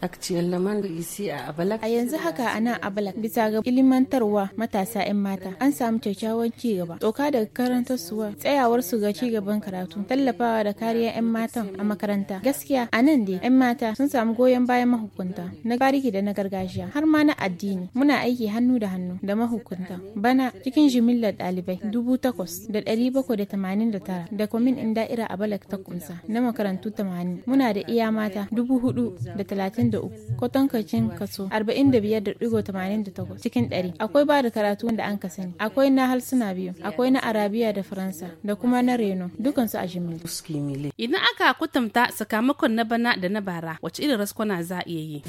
laman A A yanzu haka a nan Abalak bisa ga ilimantarwa matasa 'yan mata an samu kyakkyawan ci gaba. Doka daga karantar karantarsuwa tsayawar su ga ci gaban karatu tallafawa da kariya 'yan matan a makaranta. Gaskiya a nan dai 'yan mata sun samu goyon bayan mahukunta na tarihi da na gargajiya har ma na addini. Muna aiki hannu da hannu da mahukunta. Bana cikin jimillar ɗalibai dubu takwas da ɗari bakwai da tamanin da tara da kwamin in ira Abalak ta kunsa na makarantu tamanin. Muna da iya mata dubu hudu da talatin 63 kwatankacin kaso 45.88 cikin 100 akwai ba da karatu wanda an ka sani akwai na halsuna biyu akwai na arabiya da faransa da kuma na reno dukansu a jimili idan aka kutumta sakamakon na bana da na bara wace irin raskwana za a iya yi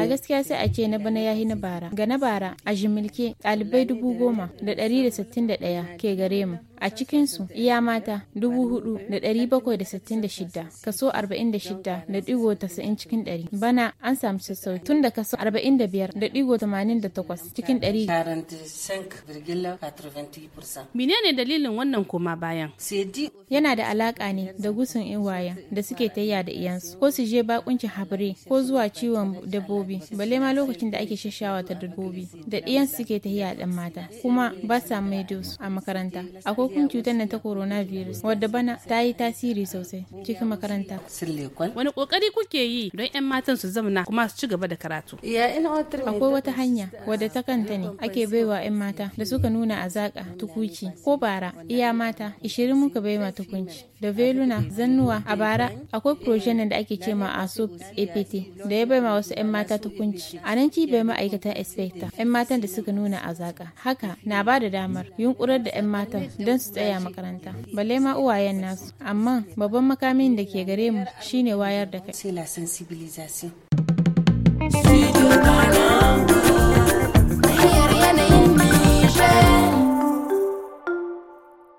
a gaskiya sai a ce na bana yahi na bara ga na bara a jimilke ɗalibai dubu goma da ɗari da sittin da ɗaya ke gare mu a cikinsu iya mata 4,766 kaso 46.90 cikin 100 bana an samu sassauci tun da kaso 45.88 cikin 100 menene dalilin wannan koma bayan yana da alaka ne da gusun iwaya da suke tayya da iyansu ko su je bakuncin habire ko zuwa ciwon dabbobi balle ma lokacin da ake shashawa ta dabbobi da iyansu suke tayya dan mata kuma ba sa maido a makaranta akwai kun cutar na ta coronavirus wadda bana ta yi tasiri sosai cikin makaranta. Wani kokari kuke yi don 'yan matan su zamana kuma su ci gaba da karatu. Akwai wata hanya wadda ta kanta ne ake baiwa 'yan mata da suka nuna a azaka tukuci ko bara iya mata ishirin muka baiwa tukunci da veluna zannuwa a bara akwai projenin da ake cema ma sub apt da ya baiwa wasu 'yan mata tukunci a nan cibiyar ma'aikatan inspector 'yan matan da suka nuna a azaka haka na ba da damar yunkurar da 'yan matan don don su tsaya makaranta balle ma uwayen nasu amma babban makamin da ke gare mu shine wayar da kai